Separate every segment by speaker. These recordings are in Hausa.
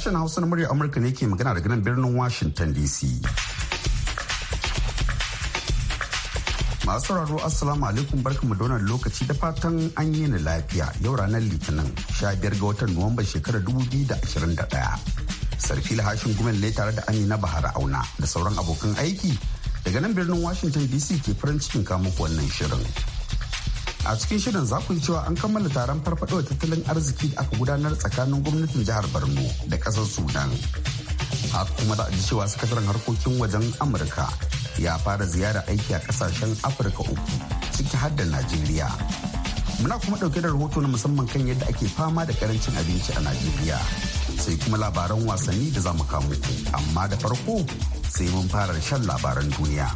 Speaker 1: Sashen Hausa na murya Amurka ne ke magana daga nan birnin Washington DC. Masu sauraro Assalamu alaikum barka mu donar lokaci da fatan an yi ni lafiya yau ranar Litinin 15 ga watan Nuwamban shekarar 2021. sarki lahashin gumen ne tare da Amina bahar Auna da sauran abokan aiki daga nan birnin Washington DC ke farin cikin kamuku wannan shirin. a cikin shirin za ku cewa an kammala taron farfaɗo tattalin arziki da aka gudanar tsakanin gwamnatin jihar borno da ƙasar sudan a kuma za ji cewa sakataren harkokin wajen amurka ya fara ziyara aiki a ƙasashen afirka uku ciki har da najeriya muna kuma ɗauke da rahoto na musamman kan yadda ake fama da karancin abinci a najeriya sai kuma labaran wasanni da za mu kamu amma da farko sai mun fara shan labaran duniya.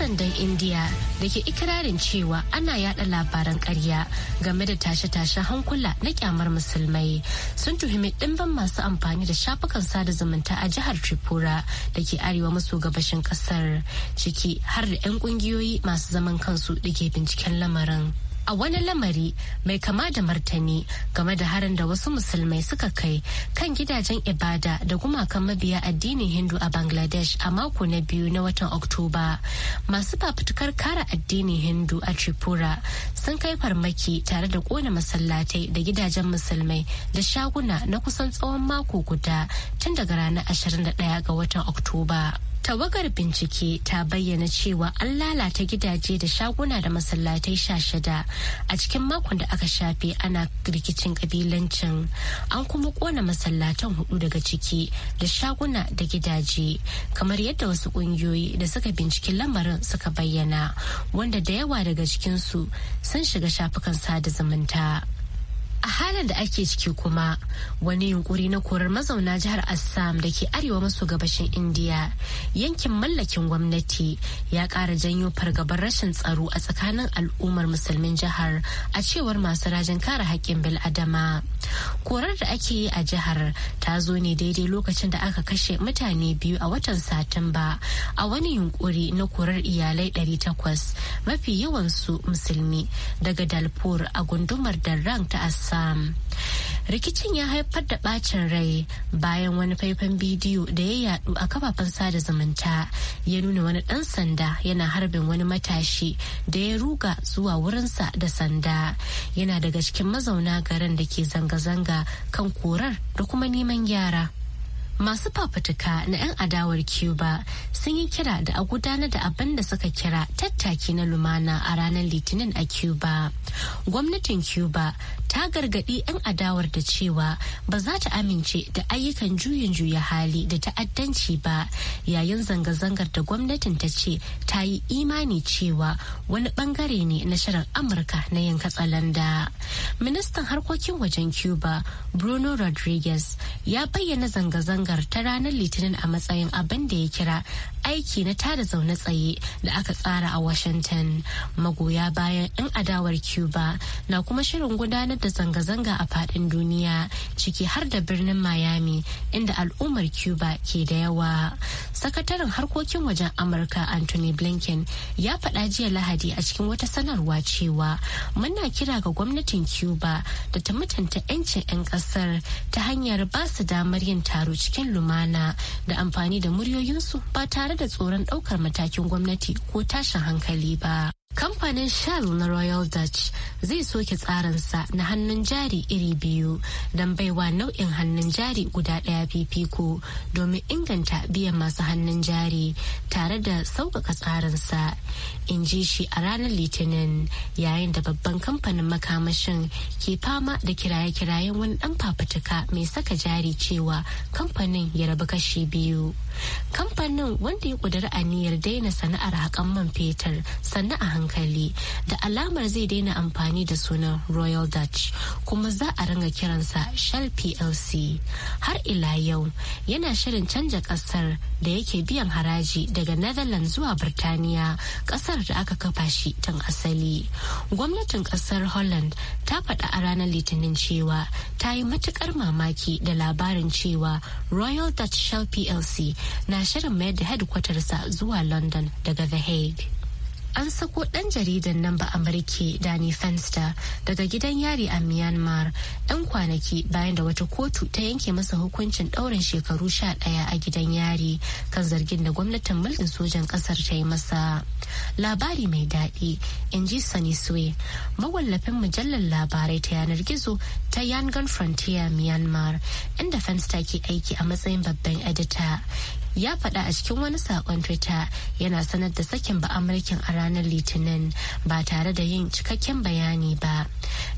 Speaker 2: sandan Indiya da ke ikirarin cewa ana yada labaran karya game da tashe-tashen hankula na kyamar musulmai sun tuhumi ɗimbin masu amfani da shafukan sada zumunta a jihar Tripura da ke arewa maso gabashin kasar ciki har da 'yan kungiyoyi masu zaman kansu da ke binciken lamarin. a wani lamari mai kama da martani game da harin da wasu musulmai suka kai kan gidajen ibada da gumakan mabiya addinin hindu a bangladesh a mako na biyu na watan oktoba masu fafutukar kara addinin hindu a tripura sun kai farmaki tare da kona masallatai da gidajen musulmai da shaguna na kusan tsawon mako guda tun daga ranar 21 ga watan oktoba. tawagar bincike ta bayyana cewa an lalata gidaje da shaguna da masallatai sha shada a cikin makon da aka shafe ana rikicin kabilancin an kuma kona masallatan hudu daga ciki da shaguna da gidaje kamar yadda wasu kungiyoyi da suka binciki lamarin suka bayyana wanda da yawa daga cikinsu sun shiga shafukan sada zumunta. a halin da ake ciki kuma wani yunkuri na korar mazauna jihar assam da ke arewa maso gabashin indiya yankin mallakin gwamnati ya kara janyo fargabar rashin tsaro a tsakanin al'ummar musulmin jihar a cewar masu rajin kare haƙƙin bil'adama korar da ake yi a jihar ta zo ne daidai lokacin da aka kashe mutane biyu a watan satumba a wani yunkuri na korar iyalai ɗari takwas mafi yawansu musulmi daga dalpur a gundumar darang ta assam Hausa. Rikicin ya haifar da bacin rai bayan wani faifan bidiyo da ya yadu a kafafen sada zumunta ya nuna wani ɗan sanda yana harbin wani matashi da ya ruga zuwa wurinsa da sanda yana daga cikin mazauna garin da ke zanga-zanga kan korar da kuma neman gyara. masu fafutuka na 'yan adawar cuba sun yi kira da a gudanar da abin da suka kira tattaki na lumana a ranar litinin a cuba gwamnatin cuba ta gargaɗi 'yan adawar da cewa ba za ta amince da ayyukan juyin juya hali da ta'addanci ba yayin zanga-zangar da gwamnatin ta ce ta yi imani cewa wani bangare ne na shirin amurka na yin katsalanda ministan harkokin wajen cuba bruno rodriguez ya bayyana zanga-zangar zanga ta ranar litinin a matsayin abin da ya kira aiki na tada zaune tsaye da aka tsara a washington magoya bayan in adawar cuba na kuma shirin gudanar da zanga-zanga a fadin duniya ciki har da birnin miami inda al'ummar cuba ke da yawa sakataren harkokin wajen amurka anthony blinken ya faɗa jiya lahadi a cikin wata sanarwa cewa muna kira ga gwamnatin cuba da ta mutunta 'yancin 'yan ƙasar ta hanyar ba su damar yin taro cikin cikin lumana da amfani da muryoyinsu ba tare da tsoron ɗaukar matakin gwamnati ko tashin hankali ba. Kamfanin Shell na Royal Dutch zai soke tsarinsa na hannun jari iri biyu don baiwa nau'in hannun jari guda ɗaya fifiko domin inganta biyan masu hannun jari tare da sauƙaƙa tsarinsa. In ji shi a ranar Litinin yayin da babban kamfanin makamashin ke fama da kiraye-kirayen wani ɗan fafutuka mai saka jari cewa kamfanin ya rabu kashi biyu. Kamfanin wanda ya ƙudiri aniyar daina sana'ar haƙan man fetur sannan a hankali da alamar zai daina amfani da sunan royal dutch kuma za a ringa kiransa shell plc har ila yau yana shirin canja kasar da yake biyan haraji daga netherlands zuwa birtaniya kasar da aka kafa shi tun asali gwamnatin kasar holland ta faɗa a ranar litinin cewa ta yi matukar mamaki da labarin cewa royal dutch shell plc na shirin mayar da hedkwatarsa zuwa london daga the hague an sako ɗan jaridan nan ba amurke dani fenster daga gidan yari a myanmar 'yan kwanaki bayan da wata kotu ta yanke masa hukuncin ɗaurin shekaru sha ɗaya a gidan yari kan zargin da gwamnatin mulkin sojan ƙasar ta yi masa labari mai daɗi in ji sunny mawallafin mujallar labarai ta yanar gizo ta Yangan frontier myanmar inda fenster ke aiki a matsayin babban edita ya faɗa a cikin wani saƙon twitter yana sanar da sakin ba amurkin a ranar litinin ba tare da yin cikakken bayani ba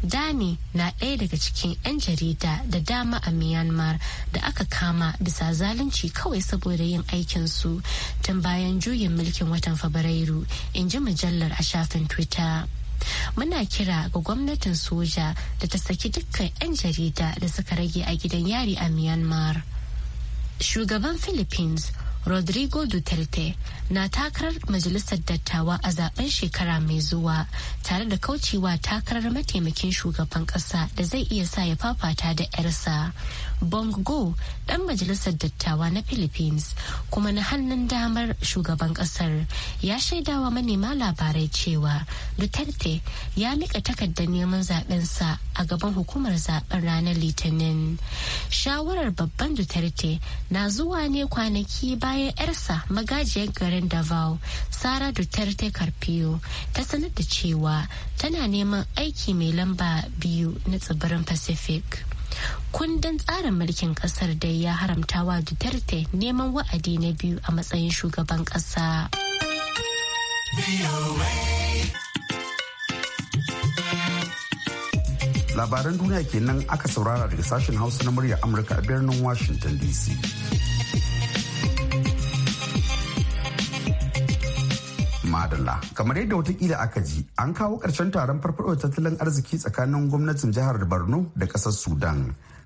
Speaker 2: dani na ɗaya daga cikin 'yan jarida da dama a myanmar da aka kama bisa zalunci kawai saboda yin aikin su tun bayan juyin mulkin watan fabrairu in ji mujallar a shafin twitter muna kira ga gwamnatin soja da ta saki dukkan 'yan jarida da suka rage a gidan yari a myanmar shugaban philippines rodrigo duterte na takarar majalisar dattawa a zaben shekara mai zuwa tare da kaucewa takarar mataimakin shugaban kasa da zai iya sa ya fafata da 'yarsa bongo dan majalisar dattawa na philippines kuma na hannun damar shugaban kasar ya shaidawa manema labarai cewa duterte ya mika takardar neman zabensa a gaban hukumar zaben ranar litinin shawarar babban duterte na zuwa ne kwanaki ba bayan 'yarsa magajiyar garin davao sara duterte carpio ta sanar da cewa tana neman aiki mai lamba biyu na tsibirin pacific kundin tsarin mulkin kasar da ya haramta wa duterte neman wa'adi na biyu a matsayin shugaban kasa
Speaker 1: labaran duniya kenan aka saurara daga sashen hausa na murya amurka a birnin washington dc madalla kamar yadda watakila aka ji an kawo ƙarshen taron farfaɗo tattalin arziki tsakanin gwamnatin jihar borno da ƙasar sudan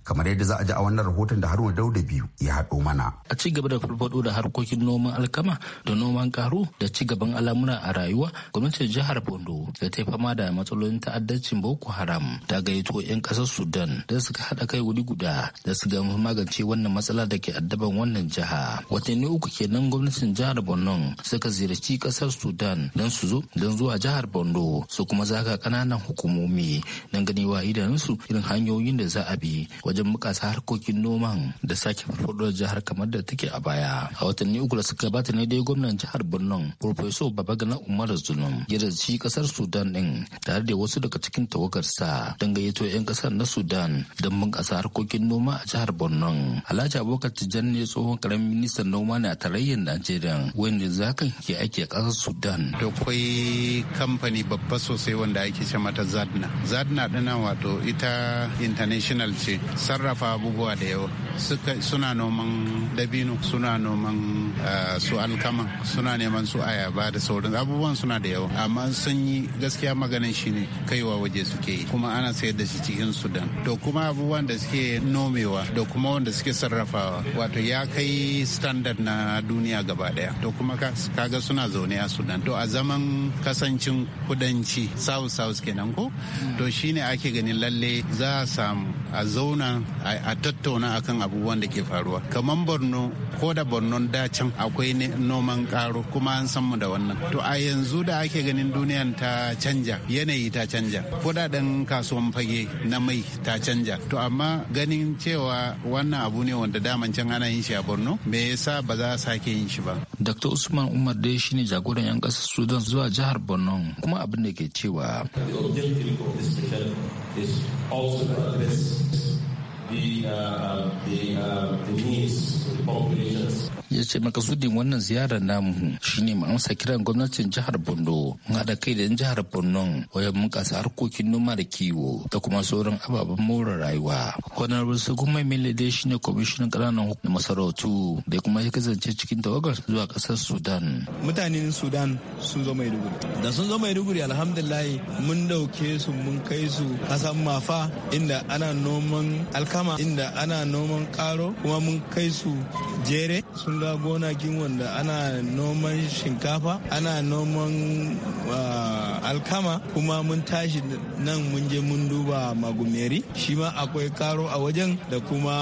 Speaker 1: kamar yadda za a ji a wannan rahoton da haruna dauda biyu ya haɗo mana
Speaker 3: a ci gaba da farfaɗo da harkokin noman alkama da noman karo da ci gaban al'amuna a rayuwa gwamnatin jihar bondo da ta fama da matsalolin ta'addancin boko haram ta gayyato 'yan kasar sudan da suka haɗa kai wuri guda da su ga magance wannan matsala da ke addaban wannan jiha watanni uku kenan gwamnatin jihar bondo suka ziyarci kasar sudan don su zo don zuwa jihar bondo su kuma zaga ƙananan hukumomi don ganewa idanunsu irin hanyoyin da za a bi wajen bukasa harkokin noman da sake farfaɗo jihar kamar da take a baya a watanni uku da suka gabata ne dai gwamnan jihar borno professor babagana umar zunum ya shi kasar sudan din tare da wasu daga cikin tawagarsa don gayyato 'yan kasar na sudan don bunkasa harkokin noma a jihar borno alhaji abubakar tijjani ne tsohon karamin ministan noma ne a tarayyar najeriya wanda kan ke aiki a kasar sudan
Speaker 4: da akwai kamfani babba sosai wanda ake ce mata zadna zadna dana wato ita international ce sarrafa abubuwa da yawa suna noman dabino suna noman eh, su alkama suna neman su ayaba da sauran abubuwan suna da yawa amma sun yi gaskiya maganin shi ne kaiwa waje suke yi kuma ana sayar da shi cikin sudan to kuma abubuwan da suke nomewa da kuma wanda suke sarrafawa wato ya kai standard na duniya gaba daya to kuma kaga suna zaune a sudan to a zaman kasancin kudanci south south kenan ko to shine ake ganin lalle za a samu a zauna a tattauna a kan abubuwan da ke faruwa kamar borno ko da borno da can akwai noman karo kuma an san mu da wannan to a yanzu da ake ganin duniyan ta canja yanayi ta canja kudaden kasuwan fage na mai ta canja to amma ganin cewa wannan abu ne wanda daman can ana yin shi a borno me yasa ba za a sake yin shi ba
Speaker 3: dr usman umar dai shine jagoran yan kasar sudan zuwa jihar borno kuma abin da ke cewa
Speaker 5: is also address
Speaker 3: ya ce makasudin wannan ziyarar namu shine mu amsa kiran gwamnatin jihar borno mun haɗa kai da jihar borno wajen kasa harkokin noma da kiwo da kuma sauran ababen more rayuwa honorable sugumai milade shine kwamishinan ƙananan hukumar masarautu da kuma ya kasance cikin tawagar zuwa ƙasar sudan
Speaker 5: mutanen sudan sun zo maiduguri da sun zo maiduguri alhamdulillah mun dauke su mun kai su kasan mafa inda ana noman alka kama inda ana noman karo kuma mun kai su jere sun gona gonakin wanda ana noman shinkafa ana noman ah, alkama kuma mun tashi nan mun je mun duba magumeri shi ma akwai karo a wajen da kuma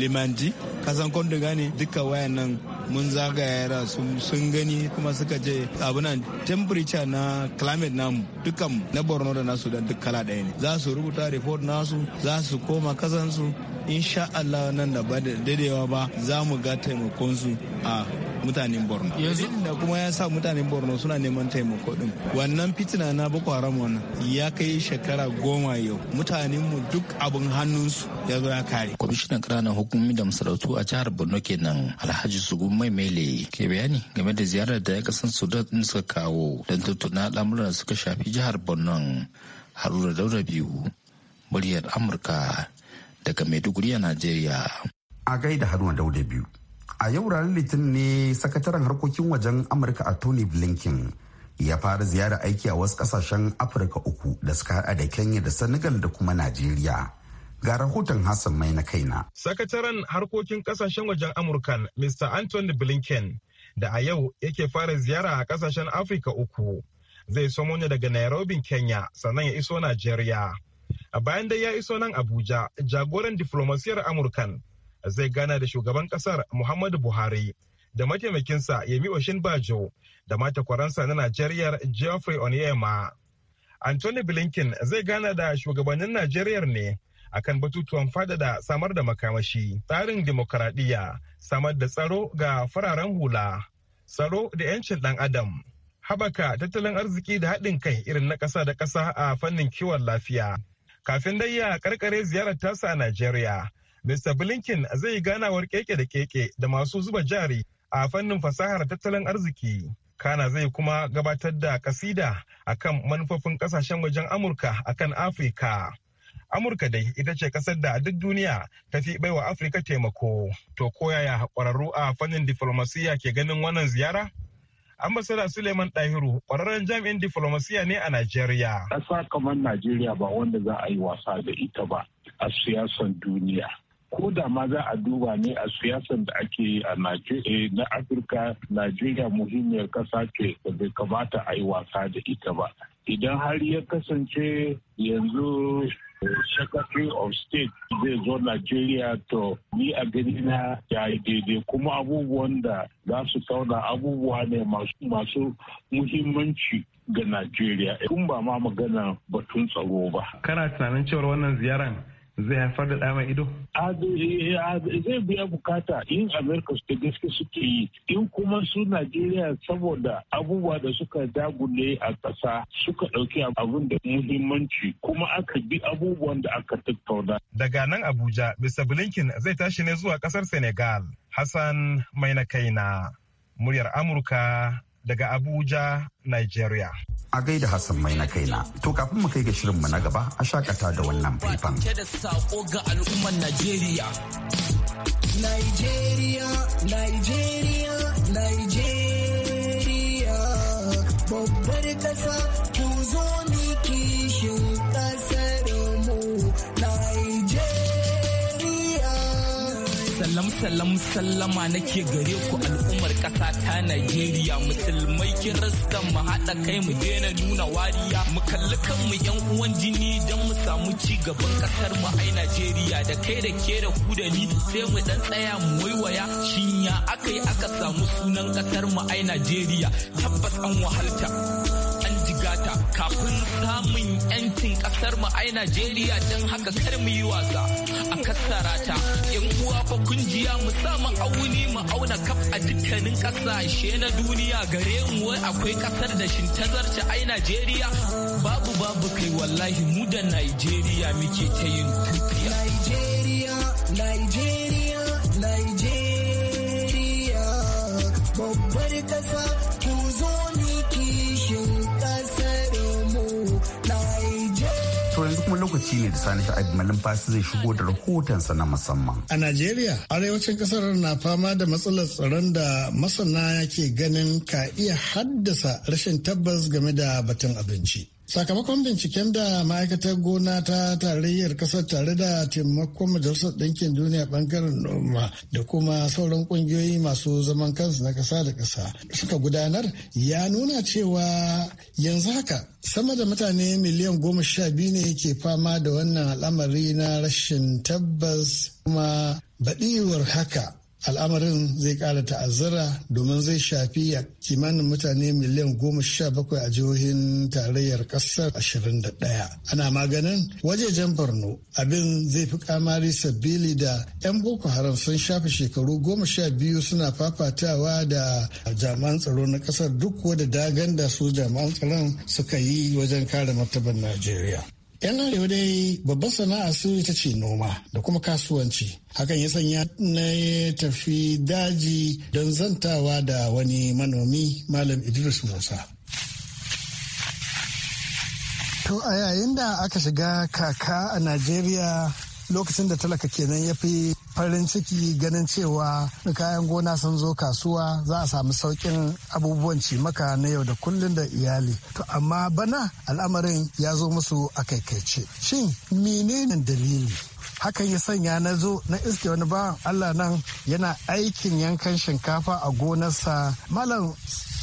Speaker 5: limanti kasan kwanduga ne duka wayan nan mun zagaya yara sun gani kuma suka je abinan temperature na climate namu dukkan na borno da nasu don duk kala ɗaya ne za su rubuta report nasu za su koma kasansu insha Allah nan da ba daidaiwa ba za mu ga taimakonsu a mutanen borno yanzu da kuma ya sa mutanen borno suna neman taimako din wannan fitina na boko haram wannan ya kai shekara goma yau mutanen mu duk abin hannunsu ya zo ya kare kwamishinan
Speaker 3: kananan hukumomi da masarautu a jihar borno kenan alhaji sugun mai mele ke bayani game da ziyarar da ya kasan sudan din suka kawo don tuntuna al'amuran da suka shafi jihar borno haruna daura biyu muryar amurka daga maiduguri a najeriya
Speaker 1: a gaida haruna daura biyu a yau ranar litinin ne sakataren harkokin wajen amurka a tony blinken ya fara ziyara aiki a wasu kasashen afirka uku da suka hada da kenya da senegal da kuma najeriya ga rahoton hassan mai na kaina
Speaker 6: sakataren harkokin kasashen wajen amurkan mr anthony blinken da a yau yake fara ziyara a kasashen afirka uku zai samo ne daga nairobi kenya sannan ya iso najeriya bayan dai ya iso nan abuja jagoran diflomasiyar amurkan zai gana da shugaban kasar Muhammadu Buhari da mataimakinsa Yemi Bajo. da matakwaransa na Najeriya Geoffrey Onyema. Anthony Blinken zai gana da shugabannin Najeriya ne A kan batutuwan fadada samar da makamashi, tsarin demokaradiyya, samar da tsaro ga fararen hula, tsaro da 'yancin ɗan adam. Habaka tattalin arziki da haɗin kai irin na ƙasa da ƙasa a fannin kiwon lafiya. Kafin dai ya karkare ziyarar tasa a Najeriya, Mr. Blinken zai ganawar keke da keke da masu zuba jari a fannin fasahar tattalin arziki. Kana zai kuma gabatar da kasida a kan manufofin kasashen wajen Amurka a kan Afirka. Amurka dai ita ce kasar da duk duniya ta fi baiwa Afirka taimako. To koyaya kwararru a fannin diflomasiya ke ganin wannan ziyara? ambasada suleiman dahiru kwararren jami'in diflomasiya ne a najeriya kasa kamar najeriya ba wanda za a yi wasa da ita ba a siyasan duniya ko da ma za a duba ne a siyasar da ake a eh, na afirka najeriya muhimmiyar kasa ce da bai kamata a yi wasa da ita ba idan har ya kasance yanzu eh, secretary of state zai zo Najeriya to ni a gani na ya yi daidai kuma abubuwan da za su tauna abubuwa ne masu muhimmanci ga Najeriya. Kun ba ma magana batun tsaro ba. Kana tunanin cewar wannan ziyaran zai haifar da ɗama ido? zai biya bukata yin amerika su gaske suke yi in kuma su najeriya saboda abubuwa da suka dagule a ƙasa suka ɗauki abin da muhimmanci kuma aka bi abubuwan da aka tattauna. daga nan abuja mr blinken zai tashi ne zuwa ƙasar senegal hassan mai na kaina muryar amurka daga Abuja, Nigeria.
Speaker 1: A gaida Hassan mai na kaina, to kafin mu kai ga shirinmu na gaba a shakata da wannan faifan.
Speaker 6: da saƙo ga al'ummar Najeriya.
Speaker 7: Nigeria, Nigeria, Nigeria, babbar kasa ku zo ni kishin kasar Nigeria. Salam salam sallama nake gare ku al'umma. kasa ta Najeriya musulmai rasta mu haɗa kai mu daina nuna wariya mu kalli kanmu yan uwan jini don mu samu ci gaban ƙasar mu ai Najeriya da kai da ke da ku da ni sai mu dan tsaya mu waiwaya shin ya akai aka samu sunan ƙasar mu ai Najeriya tabbas an wahalta kafin samun 'yancin kasar mu ai Najeriya don haka kar mu yi wasa a kassara ta yan uwa fa kungiya mu samu auni mu auna kaf a dukkanin kasashe na duniya gare mu wai akwai kasar da shin zarce ai Najeriya babu babu kai wallahi mu da Najeriya muke ta yin
Speaker 8: tafiya Najeriya Najeriya
Speaker 7: Najeriya babbar kasa
Speaker 1: lokaci ne da sani sha'ad malumfashi zai shigo da rahotonsa na musamman. A
Speaker 9: Najeriya, arewacin kasar na fama da matsalar tsaron da masana ke ganin ka iya haddasa rashin tabbas game da batun abinci. Sakamakon binciken da ma'aikatar gona ta tarayyar ƙasar tare da taimakon majalisar ɗinkin duniya ɓangaren noma da kuma sauran ƙungiyoyi masu zaman kansu na ƙasa da ƙasa suka gudanar ya nuna cewa yanzu haka sama da mutane miliyan goma sha biyu ne ke fama da wannan al'amari na rashin tabbas kuma baɗiwar haka al'amarin zai ƙara ta'azzara domin zai shafi ya kimanin mutane miliyan goma sha bakwai a jihohin tarayyar ƙasar ashirin da ɗaya ana maganin wajejen borno abin zai fi kamari sabili da 'yan boko haram sun shafe shekaru goma sha biyu suna fafatawa da jami'an tsaro na ƙasar duk wadda dagan da su jami'an tsaron suka yi wajen kare martaban najeriya 'Yan arewa dai babban sana'a su ita ce noma da kuma kasuwanci. Hakan ya sanya na tafi daji don zantawa da wani manomi Malam Idris Musa. To a yayin da aka shiga kaka a Najeriya lokacin da talaka kenan ya fi farin ciki ganin cewa kayan gona sun zo kasuwa za a samu sauƙin abubuwan cimaka na yau da kullun da iyali to amma bana al'amarin ya zo musu a kaikaice shin menene dalili hakan ya sanya na zo na iske wani bawan allah nan yana aikin yankan shinkafa a gonarsa malam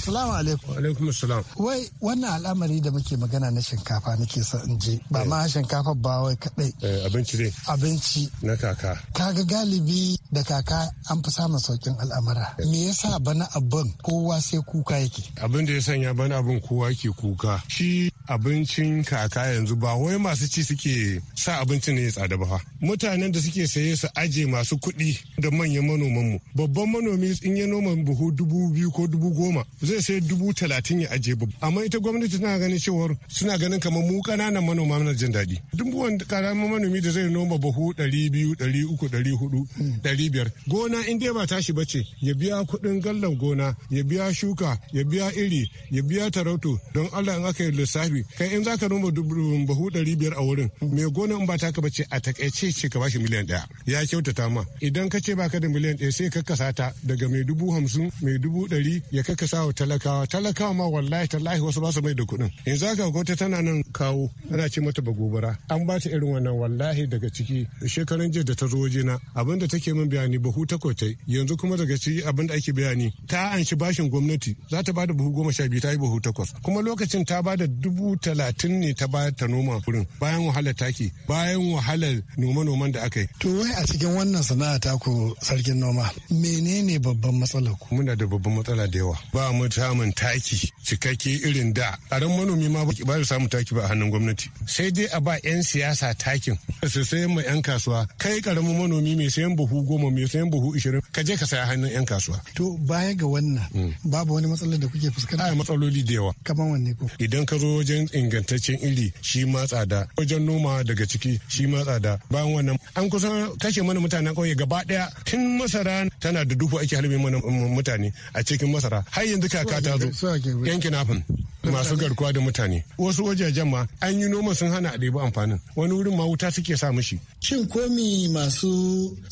Speaker 9: Assalamu alaikum. Alaikum salam. Wai wannan al'amari da muke magana na shinkafa nake son in je
Speaker 10: ba ma eh. shinkafa ba wai kadai. Eh, abinci ne. Abinci. Na kaka.
Speaker 9: Kaga galibi da kaka an fi samun saukin al'amara. Eh. Me yasa bana abin kowa sai kuka
Speaker 10: yake? Abin da ya sanya bana abin kowa yake kuka. Shi abincin kaka yanzu ba wai masu ci suke sa abincin ne ya tsada ba mutanen da suke saye su aje masu kuɗi da manyan manoman mu. babban manomi in ya noma buhu dubu biyu ko dubu goma zai sai dubu talatin ya aje babu amma ita gwamnati tana ganin cewar suna ganin kamar mu kananan manoma na jin daɗi duk wanda manomi da zai noma buhu ɗari biyu ɗari uku ɗari hudu ɗari biyar gona in dai ba tashi bace ya biya kuɗin gallan gona ya biya shuka ya biya iri ya biya tarauto don allah in aka yi lissafi kai in zaka noma bahu ɗari biyar a wurin mai gona in ba taka bace a takaice ce ka bashi miliyan ɗaya ya kyautata ma idan ka ce baka da miliyan ɗaya sai ka kasa ta daga mai dubu hamsin mai dubu ɗari ya ka kasa wa talakawa talakawa ma wallahi tallahi wasu ba su mai da kuɗin in zaka ga tana nan kawo ana ce mata ba gobara an ba ta irin wannan wallahi daga ciki shekaran jiya da ta zo wajena abin da take min bayani bahu tai yanzu kuma daga ciki abin da ake bayani ta an shi bashin gwamnati za ta ba da buhu goma sha biyu ta yi buhu takwas kuma lokacin ta ba da dubu buhu talatin ne ta bayar ta noma furin bayan wahalar taki bayan wahalar noma-noman da aka yi. To wai a cikin wannan sana'a ta
Speaker 9: ku sarkin noma menene babban matsala
Speaker 10: ku? Muna da babban matsala da yawa ba mu samun taki cikakke irin da ran manomi ma ba su samun taki ba a hannun gwamnati sai dai a ba 'yan siyasa takin su sayan ma 'yan kasuwa kai karamin manomi mai sayan buhu goma mai sayan buhu ishirin ka je ka saya hannun 'yan kasuwa.
Speaker 9: To baya ga wannan mm. babu wani matsala da kuke fuskanta? Ai matsaloli da
Speaker 10: yawa. Kamar wanne ko? Idan ka zo wajen wajen ingantaccen iri shi ma tsada wajen noma daga ciki shi ma tsada bayan wannan an kusan kashe mana mutanen kauye gaba daya tun masara tana da duhu ake halbe mana mutane a cikin masara har yanzu kaka ta zo yankin afin masu garkuwa da mutane wasu wajajen ma an yi noma sun hana a ɗebi amfanin wani wurin ma wuta suke sa mishi Shin komi masu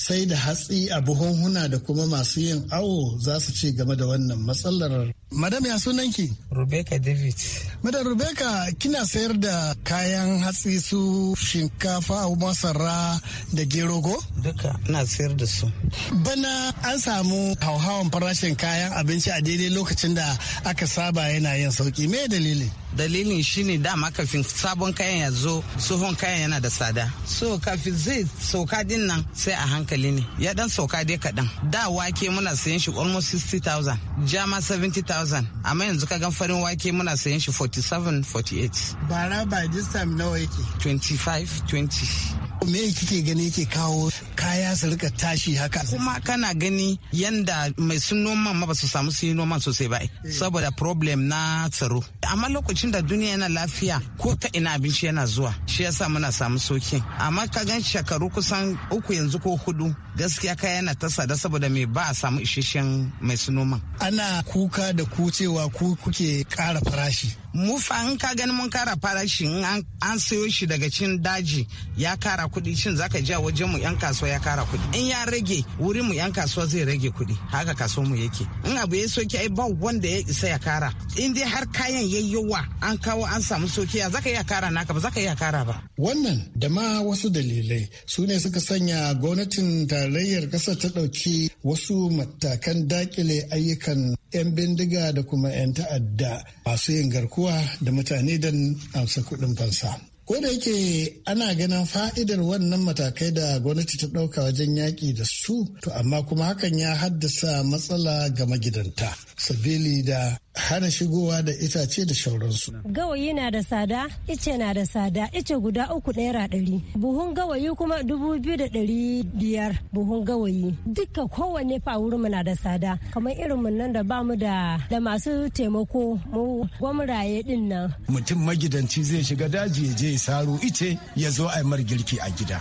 Speaker 10: sai da
Speaker 9: hatsi a buhunhuna da kuma masu yin awo za su ce game da wannan matsalar? Madam ya sunanki? Rebecca David. Madam Rebecca kina sayar da kayan hatsi su shinkafa, masara da gerogo? Duka
Speaker 8: ina sayar da su.
Speaker 9: Bana an samu hauhawan farashin kayan abinci a daidai lokacin da
Speaker 8: aka saba yana yin sauki. Me dalili? dalilin shine dama kafin sabon kayan ya zo tsohon kayan yana da tsada so kafin zai sauka din nan sai a hankali ne ya dan sauka dai kaɗan da wake muna sayan shi almost 60,000 jama 70,000 amma yanzu ka gan farin wake muna sayan shi 47 48 bara ba this time nawa yake 25 20 me kike gani yake kawo kaya su rika tashi haka kuma kana gani yanda mai sun noman ma ba su samu su yi noman sosai ba eh, eh. saboda problem na tsaro amma lokacin da duniya yana lafiya ko ta ina abinci yana zuwa shi yasa muna samu sokin amma ka gan shekaru kusan uku yanzu ko hudu gaskiya ka yana ta sada saboda me ba a samu isasshen mai su Ana kuka da ku cewa ku kuke ƙara farashi. Mu in ka gani mun kara farashi in an sayo shi daga cin daji ya kara kuɗi cin zaka ji a waje mu yan kasuwa ya kara kuɗi. In ya rage wurin mu yan kasuwa zai rage kuɗi haka kaso mu yake. In abu ya soki ai ba wanda ya isa ya kara. In dai har kayan yayyawa an kawo an samu sokiya zaka iya kara naka ba zaka iya kara ba. Wannan da ma wasu dalilai su ne suka sanya gwamnatin ta tarayyar
Speaker 9: ƙasa ta ɗauki wasu matakan dakile ayyukan 'yan bindiga da kuma 'yan ta'adda masu yin garkuwa da mutane don amsa kuɗin fansa. Ko da yake ana ganin fa'idar wannan matakai da gwamnati ta ɗauka wajen yaƙi da su, to amma kuma hakan ya haddasa matsala ga magidanta. Sabili da hana shigowa da itace da shauransu.
Speaker 2: Gawayi na da tsada, ice na da tsada, ice guda uku naira ɗari. Buhun gawayi kuma dubu biyu da ɗari biyar buhun gawayi. duka kowanne fawuri mu na da tsada. Kamar irin mun nan da ba mu da da masu taimako mu gwamraye din nan.
Speaker 11: Mutum magidanci zai shiga daji ya je ya saro ice ya zo a mar girki a gida.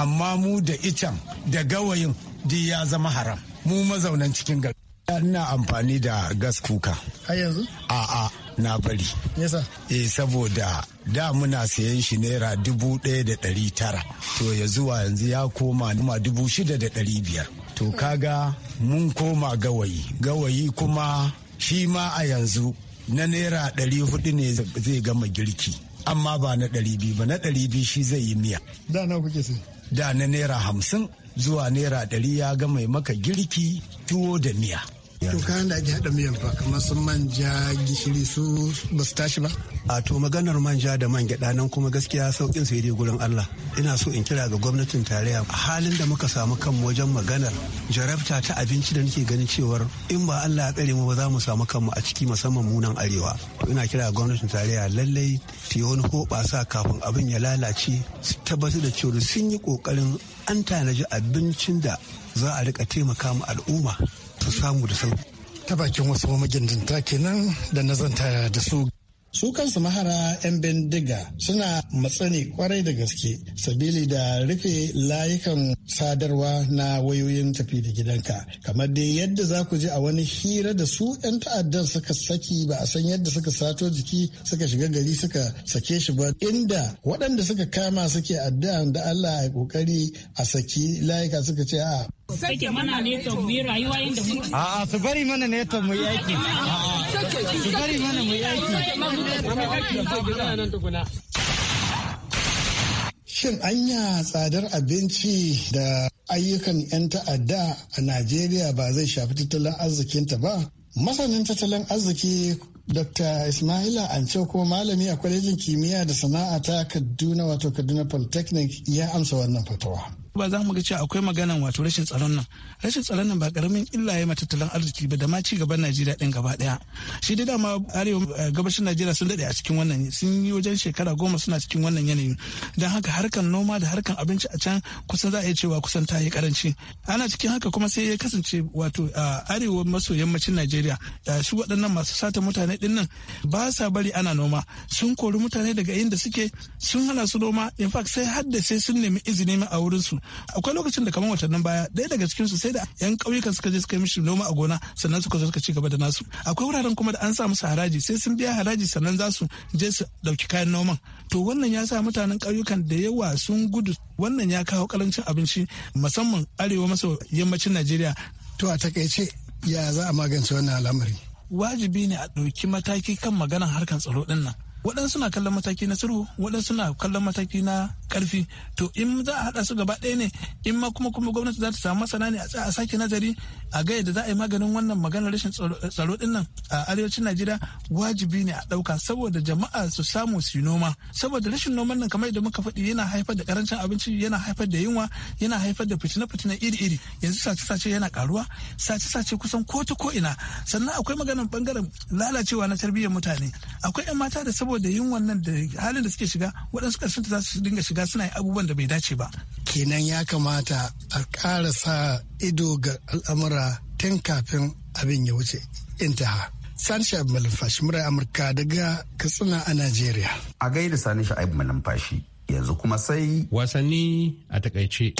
Speaker 11: Amma mu da icen da gawayin duk ya zama haram. Mu mazaunan cikin gari. ina amfani da gas kuka
Speaker 5: a
Speaker 9: yanzu
Speaker 11: a a na bari yasa eh saboda da muna sayan shi naira dubu ɗaya da ɗari tara to ya zuwa yanzu ya koma numa dubu shida da ɗari biyar to kaga mun koma gawayi gawayi kuma shi ma a yanzu na naira ɗari hudu ne zai gama girki amma ba na ɗari biyu ba na ɗari biyu shi zai yi miya da na kuke sai da na naira hamsin zuwa naira ɗari ya ga mai maka girki tuwo da miya To kayan da ake hada miyan fa kamar su manja
Speaker 9: gishiri su ba su tashi ba? A to maganar manja da man gyaɗa nan kuma gaskiya sauƙin sai dai gurin Allah. Ina so in kira ga gwamnatin tarayya A halin da muka samu kanmu wajen maganar jarabta ta abinci da nake ganin cewar in ba Allah ya tsare mu ba za mu samu kanmu a ciki musamman mu nan arewa. To ina kira ga gwamnatin tarayya lallai ta yi wani hoɓasa kafin abin ya lalace su tabbatar da cewa sun yi ƙoƙarin an tanaji abincin da za a riƙa taimaka mu al'umma ta samu da sauki ta bakin wasu magidanta kenan da na zanta da su su kansu mahara 'yan bindiga suna matsani kwarai da gaske sabili da rufe layukan sadarwa na wayoyin tafi da gidanka kamar dai yadda za ku ji a wani hira da su 'yan ta'addan suka saki ba a san yadda suka sato jiki suka shiga gari suka sake shi ba inda waɗanda suka kama suke addu'an da Allah ya kokari a saki layuka suka ce a
Speaker 2: Sake mana mu yi rayuwa mana mu yi
Speaker 8: aiki. Su bari mana
Speaker 2: mu yi aiki.
Speaker 9: Shin anya tsadar abinci da ayyukan 'yan ta'adda a Najeriya ba zai shafi tattalin arzikinta ba? Masanin tattalin arziki Dr. Ismaila Anco ko malami a kwalejin kimiyya da sana'a ta Kaduna wato Kaduna Polytechnic ya amsa wannan fatawa.
Speaker 12: ba za mu ga cewa akwai maganan wato rashin tsaron nan rashin tsaron nan ba karamin illa ya tattalin arziki ba da ma ci gaban najeriya din gaba daya shi dai dama arewa eh, gabashin najeriya sun dade a cikin wannan sun yi wajen shekara goma suna cikin wannan yanayi don haka harkan noma da harkan abinci a can kusan za a iya cewa kusan ta yi karanci ana cikin haka kuma sai ya kasance wato arewa maso yammacin najeriya su waɗannan masu sata mutane din nan ba sa bari ana noma sun kori mutane daga inda suke sun hana su noma in fact sai har da sai sun nemi izini ma a wurin su akwai lokacin da kamar watannin baya ɗaya daga cikin su sai da yan ƙauyukan suka je suka yi mishi noma a gona sannan suka zo suka ci gaba da nasu akwai wuraren kuma da an sa musu haraji sai sun biya haraji sannan za su je su ɗauki kayan noman to wannan ya sa mutanen ƙauyukan da yawa sun gudu wannan ya kawo ƙarancin abinci musamman arewa maso yammacin najeriya to a takaice ya za a magance wannan al'amari wajibi ne a ɗauki mataki kan maganar harkar tsaro ɗin nan waɗansu na kallon mataki na sulhu waɗansu na kallon mataki na karfi to in za a haɗa su gaba ɗaya ne in ma kuma kuma gwamnati za ta samu masana ne a sake nazari a ga yadda za a yi maganin wannan maganar rashin tsaro din nan a arewacin najeriya wajibi ne a ɗauka saboda jama'a su samu su yi noma saboda rashin noman nan kamar yadda muka faɗi yana haifar da karancin abinci yana haifar da yunwa yana haifar da fitina-fitina iri-iri yanzu sace-sace yana karuwa sace-sace kusan ko ta ko ina sannan akwai maganar bangaren lalacewa na tarbiyyar mutane akwai 'yan mata da saboda yunwan nan da halin da suke shiga waɗansu ƙarshen za su dinga shiga riga suna yin abubuwan da bai dace ba kenan ya kamata a ƙara sa
Speaker 9: ido ga al'amura tun kafin abin ya wuce intaha sani sha'ib malumfashi murai amurka daga katsina a najeriya
Speaker 1: a gaida sani sha'ib malumfashi yanzu kuma sai wasanni a takaice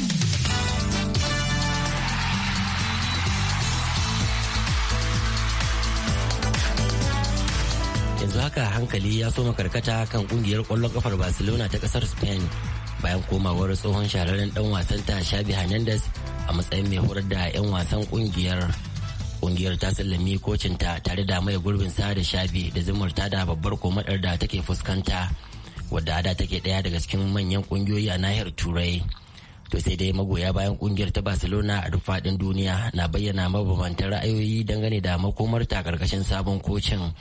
Speaker 13: yanzu haka hankali ya soma karkata kan kungiyar kwallon kafar barcelona ta kasar spain bayan komawar tsohon shahararren dan wasan ta shabi hernandez a matsayin mai horar da 'yan wasan kungiyar kungiyar ta sallami kocinta tare da mai gurbin sa da shabi da zumurta da babbar komadar da take fuskanta wadda ada take daya daga cikin manyan kungiyoyi a nahiyar turai to sai dai magoya bayan kungiyar ta barcelona a duk fadin duniya na bayyana mabambantan ra'ayoyi dangane da makomarta karkashin sabon kocin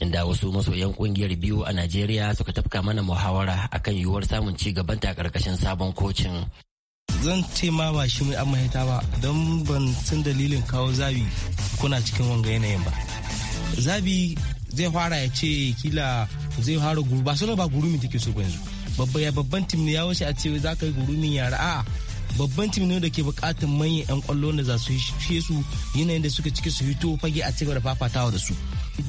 Speaker 13: inda wasu masoyan kungiyar biyu a Najeriya suka tafka mana muhawara akan yiwuwar samun ci gaban ta karkashin sabon kocin.
Speaker 7: Zan ce ma ba shi mai ba don ban san dalilin kawo zabi kuna cikin wanga yanayin ba. Zabi zai fara ya ce kila zai fara guru ba suna ba gurumin take so yanzu. Babba ya babban tim ne ya wuce a ce za ka yi gurumin yara a'a babban tim ne da ke bukatan manyan 'yan kwallo da za su fiye su yanayin da suka ciki su hito fage a cigaba da fafatawa da su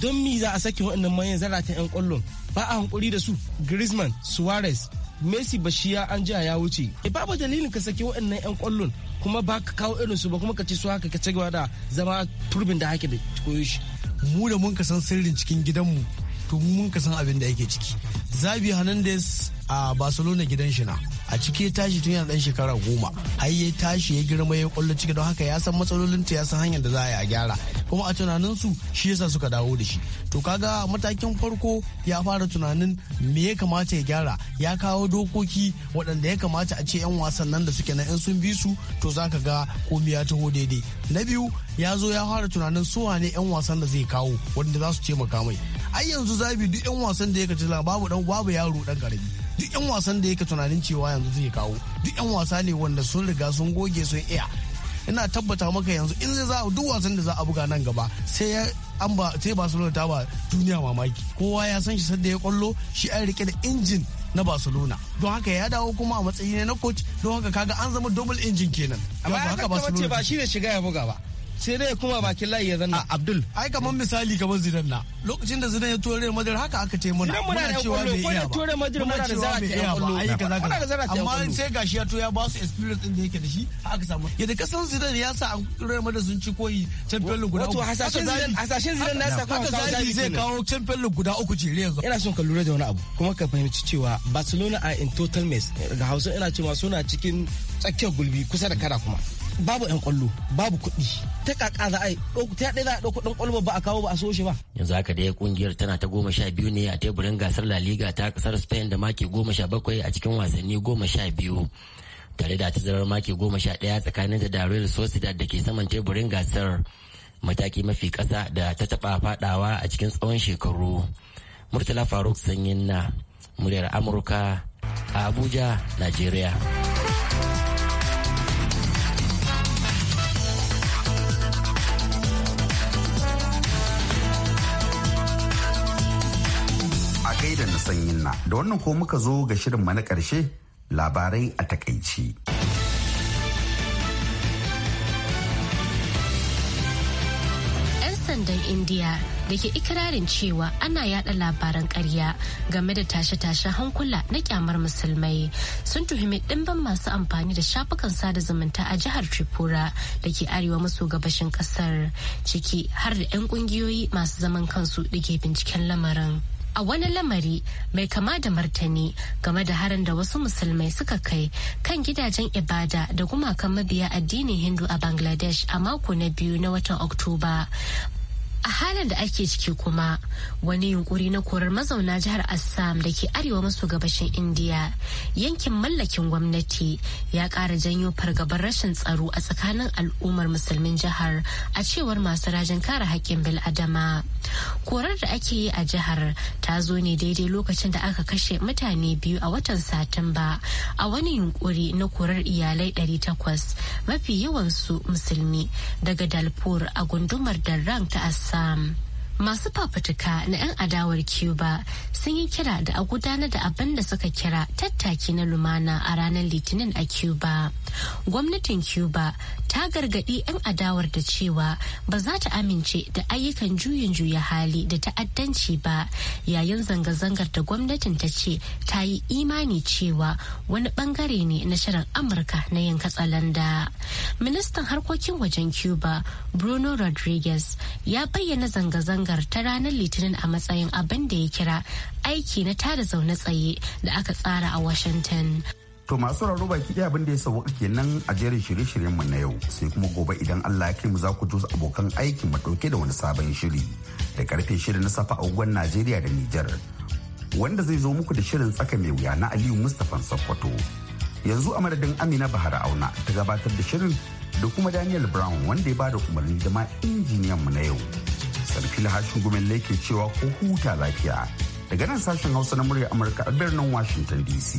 Speaker 7: don mi za a sake waɗannan manyan zaratan 'yan kwallon ba a hankuri da su griezmann suarez messi bashiya an jiya ya wuce e babu dalilin ka sake waɗannan 'yan kwallon kuma ba ka kawo irin su ba kuma ka ci su haka ka cigaba da zama turbin da hake da koyo shi mu da mun ka san sirrin
Speaker 11: cikin gidanmu to mun ka san abin da yake ciki zabi hernandez a barcelona gidan shi na a ciki ya tashi tun yana dan shekara goma har ya tashi ya girma ya kwallo ciki don haka ya san matsalolin ta ya san hanyar da za a yi a gyara kuma a tunanin su shi yasa suka dawo da shi to kaga matakin farko ya fara tunanin me ya kamata ya gyara ya kawo dokoki waɗanda ya kamata a ce yan wasan nan da suke na in sun bi su to za ka ga komai ya taho daidai na biyu ya zo ya fara tunanin su ne yan wasan da zai kawo waɗanda za su taimaka mai ai yanzu zabi duk yan wasan da yake tuna babu dan babu yaro dan karami duk yan wasan da yake tunanin cewa yanzu zai kawo duk yan wasa ne wanda sun riga sun goge sun iya ina tabbata maka yanzu in zai za duk wasan da za a buga nan gaba sai ya an ba sai Barcelona ta ba duniya mamaki kowa ya san shi sanda ya kwallo shi an rike da injin na Barcelona don haka ya dawo kuma a matsayi ne na coach don haka kaga an zama double engine kenan amma haka Barcelona ba shi ne shiga ya buga ba sai dai kuma bakin layi ya zanna abdul ai kamar misali kamar zidan na lokacin da zidan ya tore madar haka aka ce muna muna cewa bai iya ba tore madar muna da zara ke iya ba ai kaza kaza amma sai gashi ya to ya ba su experience din da yake da shi aka samu yadda kasan zidan ya sa an tore madar sun ci koyi champion league guda uku wato hasashen zidan hasashen zidan na sa kuma zali zai kawo
Speaker 7: champion league guda uku jere yanzu ina son ka lura da wani abu kuma ka fahimci cewa barcelona are in total mess ga hausa ina cewa suna cikin tsakiyar gulbi kusa da kada kuma babu 'yan kwallo babu kuɗi ta kaka za a yi ta ɗaya za a ɗauko ɗan kwallo ba a kawo ba a so shi ba.
Speaker 13: yanzu haka dai kungiyar tana ta goma sha biyu ne a teburin gasar la liga ta kasar spain da maki goma sha bakwai a cikin wasanni goma sha biyu tare da tazarar maki goma sha ɗaya tsakanin da real sociedad da ke saman teburin gasar mataki mafi ƙasa da ta taɓa faɗawa a cikin tsawon shekaru murtala faruk sanyin na muryar amurka a abuja najeriya.
Speaker 1: da na sanyin yinna da wannan ko muka zo ga shirin na karshe labarai a takaici.
Speaker 2: sandan indiya da ke ikirarin cewa ana yada labaran karya game da tashe-tashen hankula na kyamar musulmai sun tuhumi dimbin masu amfani da shafukan sada zumunta a jihar tripura da ke arewa maso gabashin kasar ciki har da 'yan kungiyoyi masu zaman kansu da ke binciken lamarin a wani lamari mai kama da martani game da harin da wasu musulmai suka kai kan gidajen ibada da gumakan mabiya addinin hindu a bangladesh a mako na biyu na watan oktoba a halin da ake ciki kuma wani yunkuri na korar mazauna jihar assam da ke arewa maso gabashin indiya yankin mallakin gwamnati ya ƙara janyo fargabar rashin tsaro a tsakanin al'ummar musulmin jihar a cewar masu rajin kare haƙƙin bil'adama korar da ake yi a jihar ta zo ne daidai lokacin da aka kashe mutane biyu a watan satumba a wani yunkuri na korar iyalai 800 mafi yawansu musulmi daga dalpur a gundumar darrang ta assam um, masu fafutuka na 'yan adawar cuba sun yi kira da a gudanar da abin da suka kira tattaki na lumana a ranar litinin a cuba gwamnatin cuba ta gargaɗi 'yan adawar da cewa ba za ta amince da ayyukan juyin juya hali da ta'addanci ba yayin zanga-zangar da gwamnatin ta ce ta yi imani cewa wani bangare ne na shirin amurka na yin katsalanda ministan harkokin wajen cuba bruno rodriguez ya bayyana zanga zanga zanga ta ranar litinin a matsayin abin da ya kira aiki na tada zaune tsaye da aka tsara a washington
Speaker 1: to masu rarruba baki iya abin da ya sauka nan a jerin shirye-shiryen mu na yau sai kuma gobe idan allah ya kai mu za ku ji abokan aiki mu ɗauke da wani sabon shiri da karfe shirin na safa a najeriya da nijar wanda zai zo muku da shirin tsaka mai wuya na aliyu mustapha sokoto yanzu a madadin amina bahar auna ta gabatar da shirin da kuma daniel brown wanda ya bada umarni da ma injiniyan mu na yau sarfil hashin gumin ke cewa ko huta lafiya daga nan sashen hausa na murya amurka a birnin washington dc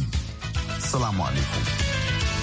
Speaker 1: salamu alaikum